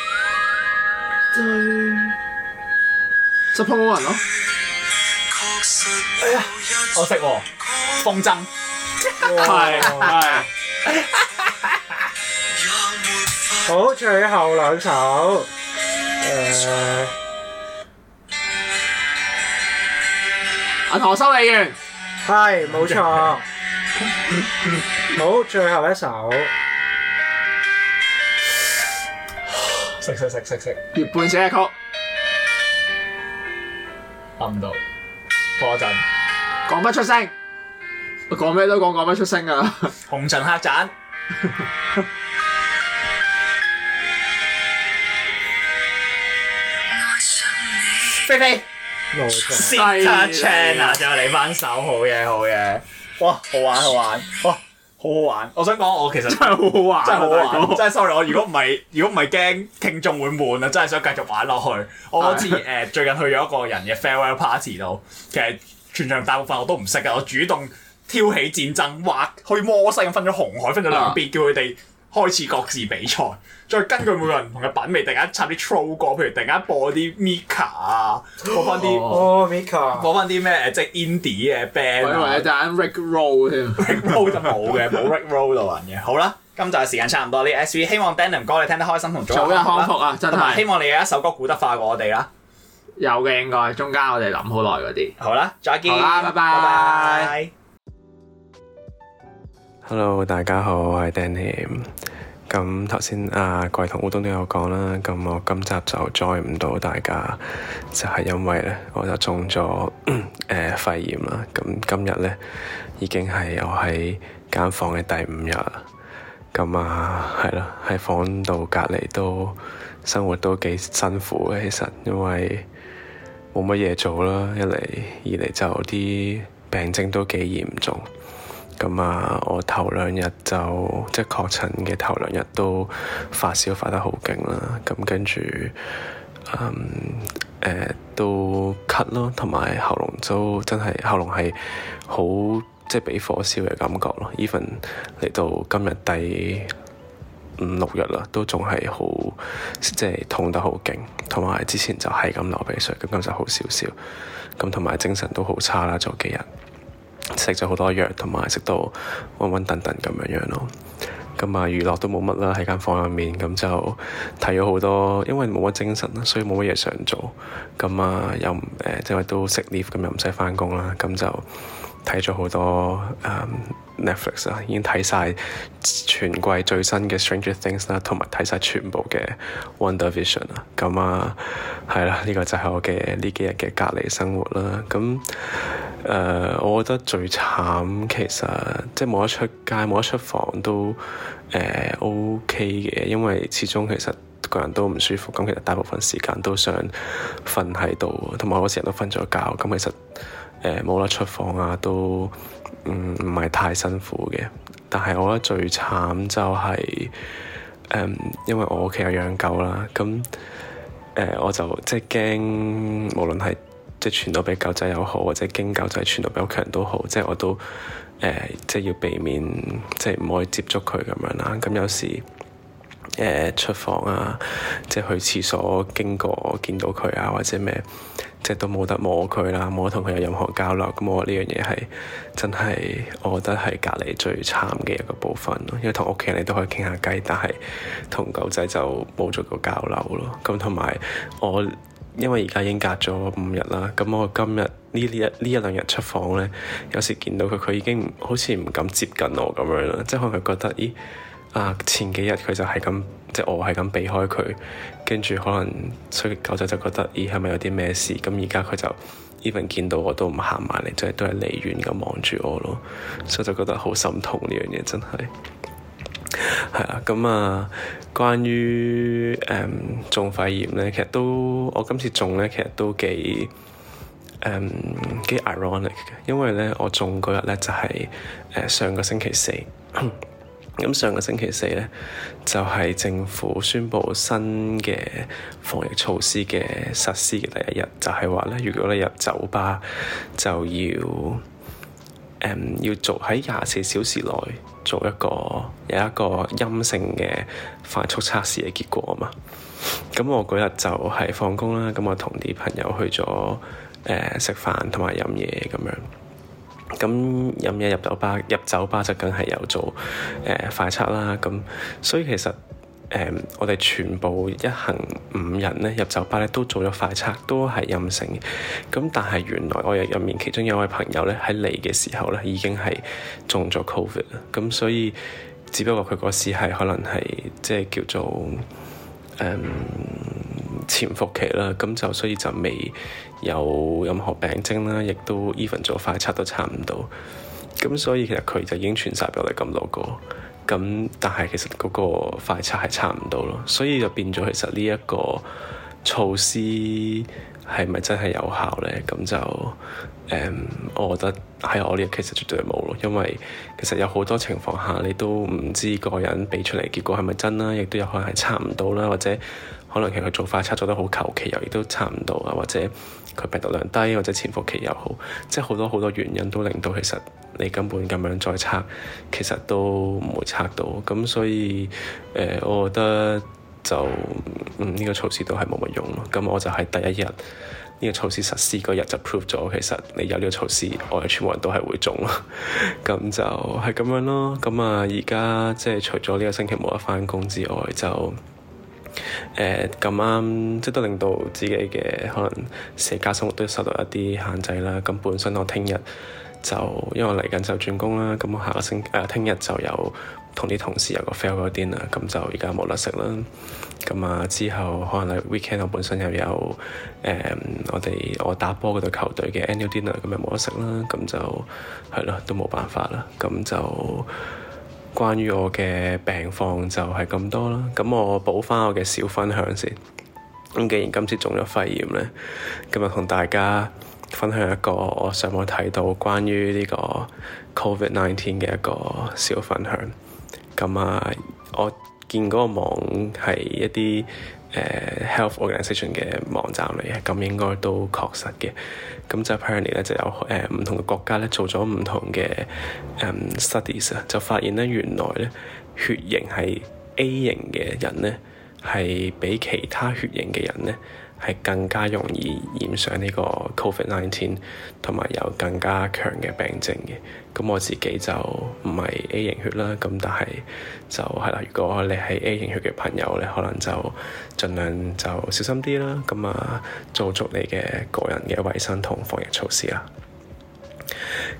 對，Super Moment 咯。哎呀，我識喎，風箏。係係。好，最後兩首誒，銀河修理員，係冇錯。好，最後一首。食食食食食。月半小夜曲。諗唔到。過一陣。講不出聲。講咩都講，講不出聲啊。紅塵客棧。菲菲。冇錯。Shutter Channel，就嚟翻首，好嘢，好嘢。哇，好玩好玩， <laughs> 哇，好好玩！ <laughs> 我想講，我其實真係好 <laughs> 好玩， <laughs> 真係好玩。 <laughs> 真係 sorry，我如果唔係，如果唔係驚聽眾會悶啊，真係想繼續玩落去。我知誒， <laughs> 最近去咗一個人嘅 farewell party 度，其實全場大部分我都唔識㗎，我主動挑起戰爭，哇，好似摩西咁分咗紅海，分咗兩邊， <laughs> 叫佢哋。開始各自比賽，再根據每個人唔同嘅品味，突然間插啲 Troll 歌，譬如突然間播啲 Mika 啊，oh, M 播翻啲 Mika，播翻啲咩，誒即係 Indie 嘅 band 或者突然 Rick Roll 添 <laughs> Rick Roll 就冇嘅，冇 <laughs> Rick Roll 到人嘅。好啦，今集嘅時間差唔多，啲 S V 希望 denim 哥你聽得開心同早啲康復啊。真係希望你有一首歌估得化過我哋啦。有嘅應該，中間我哋諗好耐嗰啲。好啦，再見，拜拜。Bye bye bye bye bye Hello，大家好，我係 denim。咁頭先阿貴同烏冬都有講啦，咁我今集就再唔到大家，就係、是、因為咧，我就中咗誒、呃、肺炎啦。咁今日咧已經係我喺間房嘅第五日，咁啊係咯，喺房度隔離都生活都幾辛苦嘅，其實因為冇乜嘢做啦，一嚟二嚟就啲病症都幾嚴重。咁啊，我頭兩日就即係確診嘅頭兩日都發燒發得好勁啦，咁跟住嗯誒、呃、都咳咯，同埋喉嚨都真係喉嚨係好即係畀火燒嘅感覺咯。Even 嚟到今日第五六日啦，都仲係好即係痛得好勁，同埋之前就係咁流鼻水，咁今日好少少，咁同埋精神都好差啦，早幾日。食咗好多藥，同埋食到暈暈頓頓咁樣樣咯。咁啊，娛樂都冇乜啦，喺間房入面咁就睇咗好多，因為冇乜精神啦，所以冇乜嘢想做。咁啊，又誒，即、呃、係、就是、都 sick leave，咁又唔使翻工啦。咁就睇咗好多誒。嗯 Netflix 啊，已經睇晒全季最新嘅 Str《Stranger Things》啦，同埋睇晒全部嘅《WandaVision》啊。咁啊，係啦，呢個就係我嘅呢幾日嘅隔離生活啦。咁誒、呃，我覺得最慘其實即係冇得出街，冇得出房都誒、呃、OK 嘅，因為始終其實個人都唔舒服。咁其實大部分時間都想瞓喺度，同埋我成日都瞓咗覺。咁其實～誒冇得出房啊，都嗯唔係太辛苦嘅。但係我覺得最慘就係、是、誒、嗯，因為我屋企有養狗啦，咁誒、嗯、我就即係驚，無論係即傳到畀狗仔又好，或者驚狗仔傳到畀屋企人都好，即、就、係、是、我都誒即係要避免即係唔可以接觸佢咁樣啦。咁有時誒、嗯、出房啊，即、就、係、是、去廁所經過見到佢啊，或者咩？即係都冇得摸佢啦，冇同佢有任何交流。咁我呢樣嘢係真係我覺得係隔離最慘嘅一個部分咯。因為同屋企人你都可以傾下偈，但係同狗仔就冇做過交流咯。咁同埋我因為而家已經隔咗五日啦，咁我今日呢呢一呢一,一兩日出房咧，有時見到佢，佢已經好似唔敢接近我咁樣啦。即係可能佢覺得，咦？啊！前幾日佢就係咁，即係我係咁避開佢，跟住可能所以狗仔就覺得，咦係咪有啲咩事？咁而家佢就 even 見到我都唔行埋嚟，即係都係離遠咁望住我咯，所以就覺得好心痛呢樣嘢，真係係啊！咁啊，關於誒、嗯、中肺炎咧，其實都我今次中咧，其實都幾誒、嗯、幾 ironic 嘅，因為咧我中嗰日咧就係、係、誒、嗯、上個星期四。 <laughs> 咁上個星期四咧，就係、是、政府宣布新嘅防疫措施嘅實施嘅第一日，就係話咧，如果你入酒吧就要誒、嗯，要做喺廿四小時內做一個有一個陰性嘅快速測試嘅結果啊嘛。咁我嗰日就係放工啦，咁我同啲朋友去咗誒食飯同埋飲嘢咁樣。咁飲嘢入酒吧，入酒吧就梗係有做誒、呃、快測啦。咁所以其實誒、呃，我哋全部一行五人咧入酒吧咧都做咗快測，都係陰性。咁但係原來我入入面其中有一位朋友咧喺嚟嘅時候咧已經係中咗 covid 啦。咁所以只不過佢嗰時係可能係即係叫做誒、呃、潛伏期啦。咁就所以就未有任何病徵啦，亦都 even 做快測都測唔到，咁所以其實佢就已經傳晒俾你咁多個，咁但係其實嗰個快測係測唔到咯，所以就變咗其實呢一個措施係咪真係有效咧？咁就誒、嗯，我覺得喺我呢度其實絕對冇咯，因為其實有好多情況下你都唔知個人俾出嚟結果係咪真啦，亦都有可能係測唔到啦，或者可能其實做快測做得好求其，又亦都測唔到啊，或者～佢病毒量低，或者潛伏期又好，即係好多好多原因都令到其實你根本咁樣再測，其實都冇測到。咁所以誒、呃，我覺得就嗯呢個措施都係冇乜用咯。咁我就係第一日呢個措施實施嗰日就 prove 咗，其實你有呢個措施，我哋全部人都係會中咯。咁 <laughs> 就係咁樣咯。咁啊，而家即係除咗呢個星期冇得翻工之外，就～誒，咁啱即都令到自己嘅可能社交生活都受到一啲限制啦。咁本身我聽日就，因為我嚟緊就轉工啦。咁我下個星誒，聽、呃、日就有同啲同事有個 farewell dinner，咁就而家冇得食啦。咁啊之後可能喺 weekend，我本身又有誒、嗯，我哋我打波嗰隊球隊嘅 annual dinner，咁又冇得食啦。咁就係咯，都冇辦法啦。咁就。關於我嘅病況就係咁多啦，咁我補翻我嘅小分享先。咁既然今次中咗肺炎咧，今日同大家分享一個我上網睇到關於呢個 COVID-19 嘅一個小分享。咁啊，我見嗰個網係一啲。誒、uh, health organization 嘅網站嚟嘅，咁應該都確實嘅。咁就 Apparently 咧，就有誒唔、uh, 同嘅國家咧做咗唔同嘅誒、um, studies 啊，就發現咧原來咧血型係 A 型嘅人咧係比其他血型嘅人咧，係更加容易染上呢個 Covid Nineteen，同埋有更加強嘅病症嘅。咁我自己就唔係 A 型血啦，咁但係就係啦。如果你係 A 型血嘅朋友咧，可能就盡量就小心啲啦。咁啊，做足你嘅個人嘅衞生同防疫措施啦。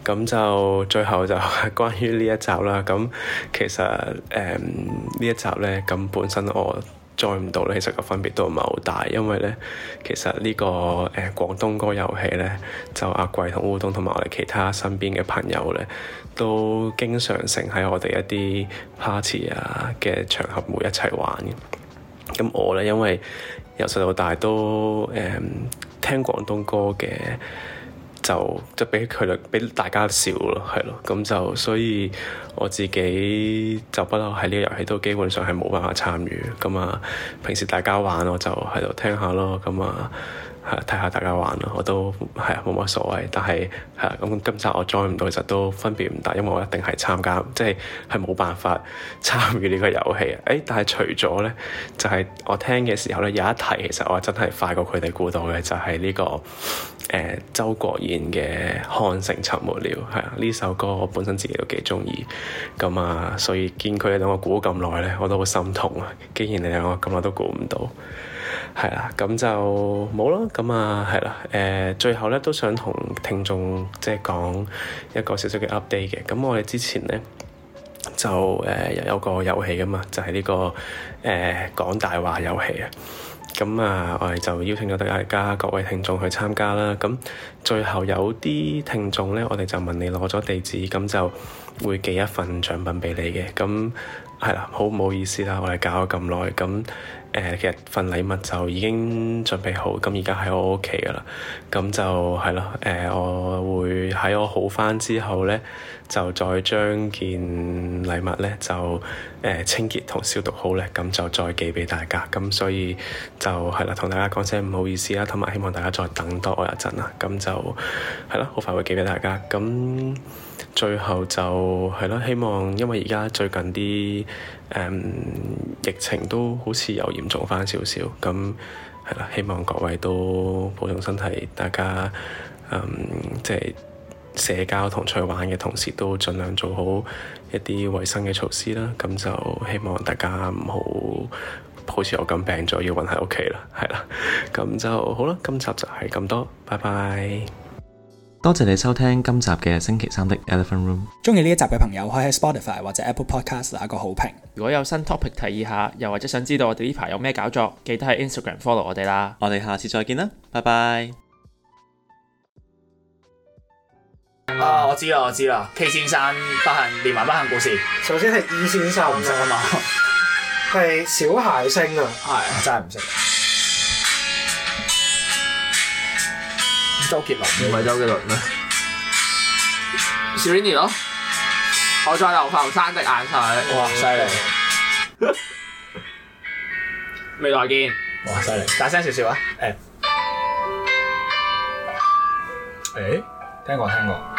咁就最後就係關於呢一集啦。咁其實誒呢、嗯、一集咧，咁本身我，再唔到咧，其實個分別都唔係好大，因為咧，其實呢、呢個誒、呃、廣東歌遊戲咧，就阿貴同烏冬同埋我哋其他身邊嘅朋友咧，都經常性喺我哋一啲 party 啊嘅場合會一齊玩嘅。咁我咧，因為由細到大都誒、呃、聽廣東歌嘅。就即係俾佢哋，俾大家笑咯，係咯，咁就所以我自己就不嬲喺呢個遊戲都基本上係冇辦法參與，咁啊平時大家玩我就喺度聽下咯，咁啊。睇下大家玩咯，我都係冇乜所謂。但係係咁，今集我 join 唔到，其實都分別唔大，因為我一定係參加，即係係冇辦法參與呢個遊戲。誒、欸，但係除咗咧，就係、是、我聽嘅時候咧有一題，其實我真係快過佢哋估到嘅，就係、是、呢、這個誒、呃、周國賢嘅《漢城沉沒了》係啊，呢首歌我本身自己都幾中意。咁啊，所以見佢哋兩個估咁耐咧，我都好心痛啊！既然你兩個咁我都估唔到。係啦，咁就冇啦，咁啊係啦，誒、呃，最後咧都想同聽眾即係講一個小小嘅 update 嘅，咁我哋之前咧就誒、呃、有個遊戲噶嘛，就係、是、呢、這個誒講大話遊戲啊，咁啊我哋就邀請咗大家各位聽眾去參加啦，咁最後有啲聽眾咧，我哋就問你攞咗地址，咁就會寄一份獎品俾你嘅，咁係啦，好唔好意思啦，我哋搞咗咁耐，咁。誒，其實份禮物就已經準備好，咁而家喺我屋企㗎喇，咁就係咯，誒、呃，我會喺我好返之後咧。就再將件禮物呢，就誒、呃、清潔同消毒好呢，咁就再寄畀大家。咁所以就係啦，同大家講聲唔好意思啦，同埋希望大家再等多我一陣啦。咁就係啦，好快會寄畀大家。咁最後就係啦，希望因為而家最近啲誒、嗯、疫情都好似又嚴重返少少。咁係啦，希望各位都保重身體，大家誒即係。嗯就是社交同出去玩嘅同時，都盡量做好一啲衛生嘅措施啦。咁就希望大家唔好好似我咁病咗，要困喺屋企啦。係啦，咁就好啦。今集就係咁多，拜拜。多謝你收聽今集嘅星期三的 Elephant Room。中意呢一集嘅朋友，可以喺 Spotify 或者 Apple Podcast 打個好評。如果有新 topic 提議下，又或者想知道我哋呢排有咩搞作，記得喺 Instagram follow 我哋啦。我哋下次再見啦，拜拜。啊！我知啦，我知啦。K 先生，不幸，連環不幸故事。首先係 E 先生唔識啊嘛，佢係小孩星啊，係真係唔識。周杰倫唔係周杰倫咩？Sunny 咯，我再流下三滴眼淚。哇！犀利。 <laughs> 未來見。哇！犀利，大聲少少啊！誒、欸，誒、欸，聽過聽過。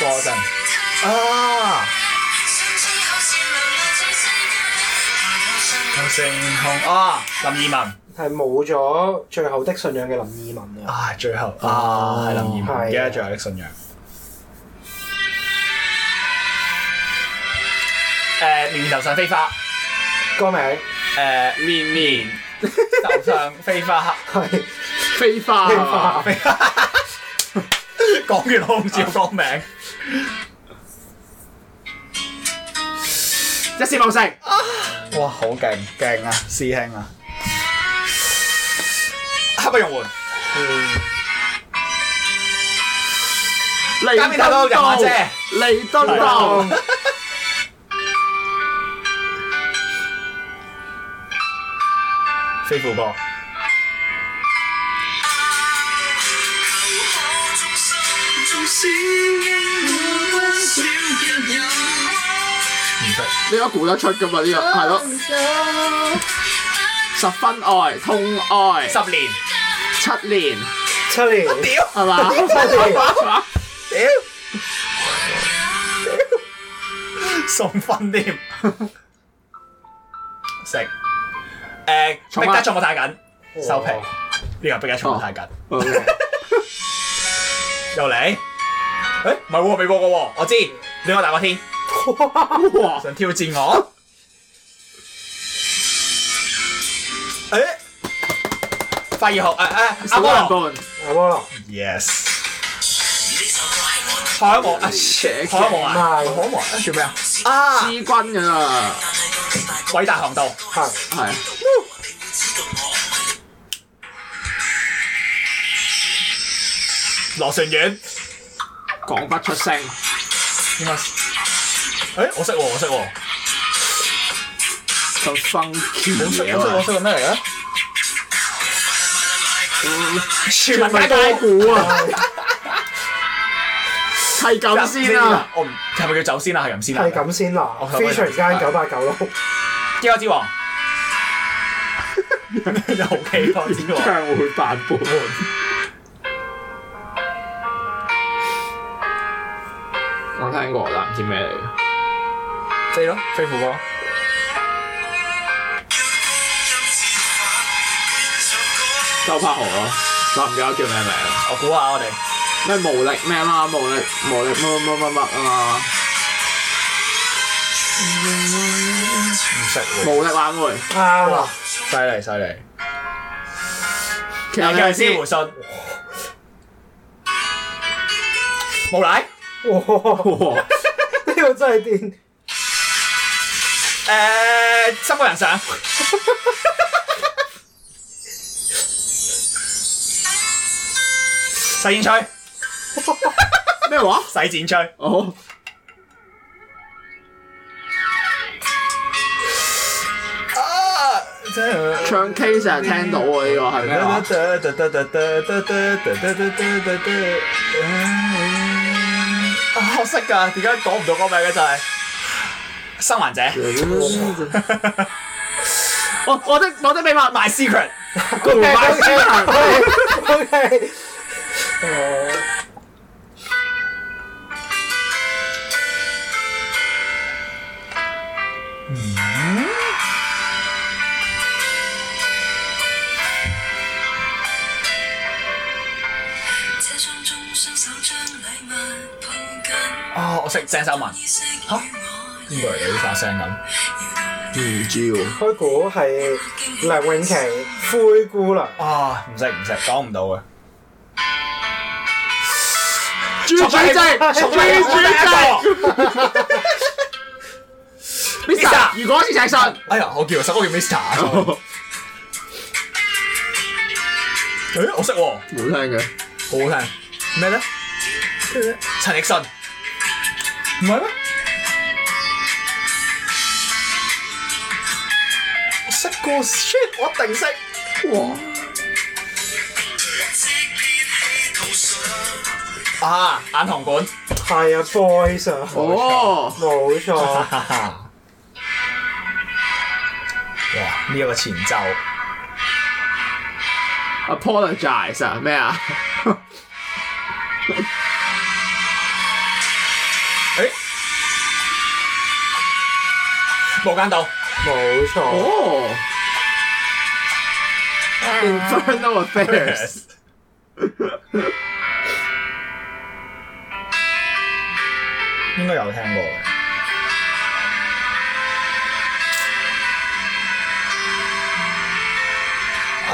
波神啊！升空啊！林二汶係冇咗最後的信仰嘅林二汶啊！啊，最後啊，係林二汶，記得最後的信仰。誒，面頭上飛花，歌名誒，面面頭上飛花，係飛花，飛花。講完唔知道歌名，一視無情。哇，好勁勁啊，師兄啊，刻不容緩。李登高，多謝，李登高。飛虎豹。唔使，呢個估得出噶嘛？呢個係咯，十分愛，痛愛十年，七年，七年，屌係嘛？屌，送分添，食誒，逼得我太緊，收皮，呢個逼得我太緊，又嚟。誒，唔係，未播過，我知。你話大過天，想挑戰我？誒，范義豪，誒誒，阿哥，阿哥，Yes。何一模，何一模啊？唔係，何一模做咩啊？啊，施軍啊，偉大航道，係係。羅成遠。講不出聲，點啊？誒，我識喎，我識喎，就分段嘅嘛。我識，我識，我識咩嚟嘅？全部都古啊！係咁先啦，我唔係咪叫走先啊？係咁先。係咁先啦。非常街九百九六，歌之王。逃棋咯，邊個？演唱會版本。聽過但唔知咩嚟嘅？飛咯飛虎哥，周柏豪咯，我唔記得叫咩名。我估下我哋，咩無力咩嘛，無力無力乜乜乜乜啊嘛，唔識喎，無力挽回，哇，犀利犀利，其實嘅先回信，無賴。呢哇 <laughs> 個真係掂。誒， <noise> 三、呃、個人上。洗剪吹。咩 <noise> 話？洗剪吹。哦。啊！真係。唱 K 成日聽到喎、啊、呢 <noise> 個係 <noise> <noise> 我識㗎，點解講唔到個名嘅，就係生還者 <laughs> <laughs> 我。我我啲我啲名發 my secret，個 my OK 我識鄭秀文，吓邊個嚟？你發聲咁，唔知喎。開估係梁詠琪灰姑娘。啊，唔識唔識，講唔到嘅。朱主濟，朱主濟。Mister，如果是陳奕迅，哎呀，我叫實我叫 Mister。誒，我識喎，好聽嘅，好好聽。咩咧？陳奕迅。唔係咩？我識個 shit，我一定識。哇！啊，眼紅館，係啊，boys 啊。哦，冇錯。哇！呢一個前奏。Apologize 啊咩啊？無間道，冇錯。Internal affairs，應該有聽過。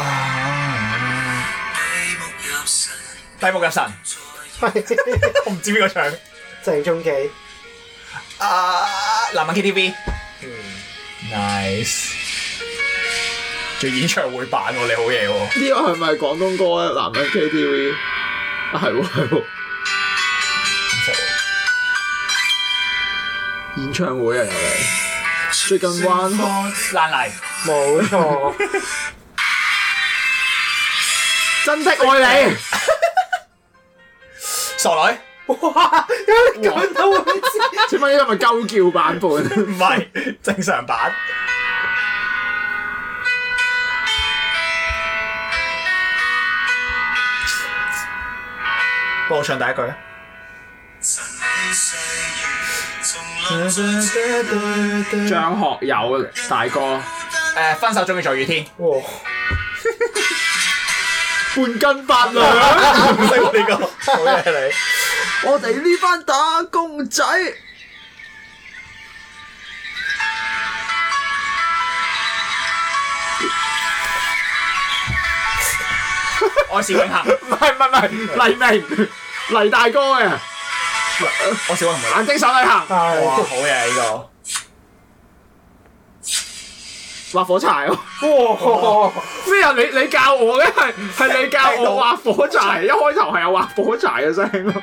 啊！閉目入神，閉目入神，我唔知邊個唱鄭中基。啊！男人 KTV。nice，做演唱會版喎，你好嘢喎。呢個係咪廣東歌咧？男人 K T V，係喎。演唱會啊，又嚟。最近玩開爛泥，冇錯。真的愛你，傻女。哇！有你講到，請問呢個係咪鳩叫版本？唔係正常版。幫我唱第一句啊！張學友大哥，誒分手總要在雨天。哇！半斤八兩，唔識呢個，好嘢你！我哋呢班打工仔，我小永恆，唔係唔係唔係黎明黎大哥嘅。我小永恆眼睛手旅行，哇，好嘢呢個，劃火柴，哇，咩啊？你你教我嘅，係係你教我劃火柴，一開頭係有劃火柴嘅聲。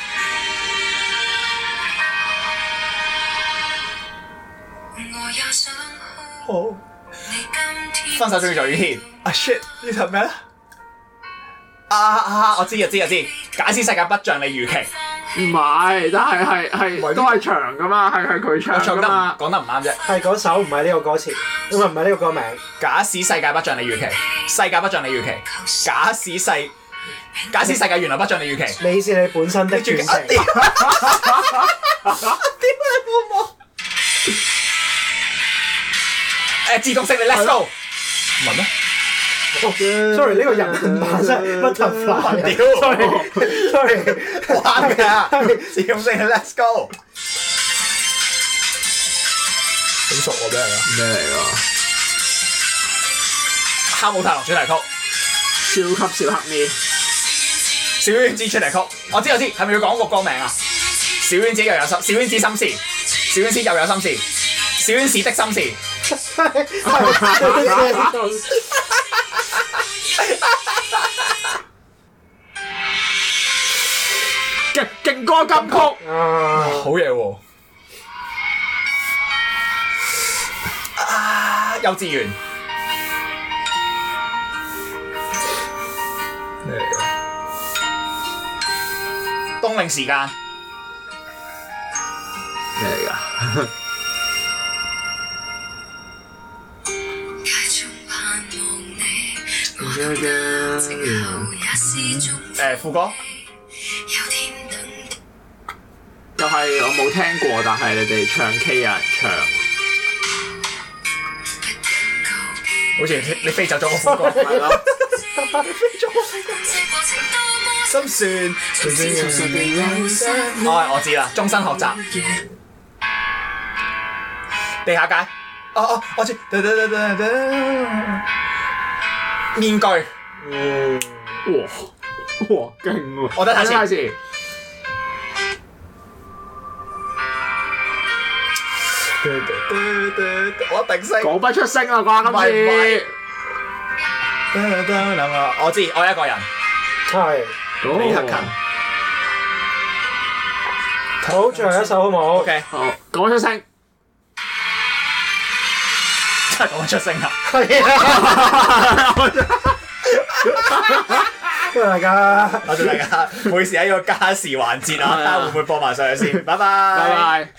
Oh. 分手就叫做雨天。啊、ah, shit！呢首咩啊啊！我知啊知啊知。假使世界不像你預期，唔係，但係係係都係長噶嘛，係係佢唱。長嘛唱得講得唔啱啫。係嗰 <music> 首唔係呢個歌詞，因為唔係呢個歌名。假使世界不像你預期，世界不像你預期。假使世假使世界原來不像你預期。你是你本身的傳奇啊啲乜嘢咁多？自動識你，Let's go 呢。唔係咩？Sorry，呢個人文版聲乜頭發？屌，Sorry，Sorry， <laughs> 玩嘅、啊。 <laughs> 自動識你，Let's go。好熟喎，咩嚟噶？咩嚟噶？《哈姆太郎》主題曲。《超級小黑咪》。《小丸子》主題曲。我知我知，係咪要講個歌名啊？小有有《小丸子》又有心，《小丸子》心事，《小丸子》又有心事，《小丸子》的心事。勁勁歌金曲，哇，好嘢喎！幼稚園，咩啊？冬令時間，咩啊？誒副歌，又係我冇聽過，但係你哋唱 K 有人唱，好似你飛走咗我副歌 <laughs> 對吧 <laughs> 心，心算。我、oh, 我知啦，終身學習， <music> 地下街，哦哦，我知，面具。嗯。哇。哇，勁喎。我得睇先。我一定識。講不出聲啊，啩今次。得得，嗱我我知，我一個人。係。李克勤。好，最後一首好唔好？O K。好。講出聲。真係講出聲啊！係啊！大家， <laughs> 多謝大家 <laughs> 每次喺個嘉士環節啊，但係 <laughs> 會唔會播埋上去？ <laughs> 拜拜！ <laughs> 拜拜！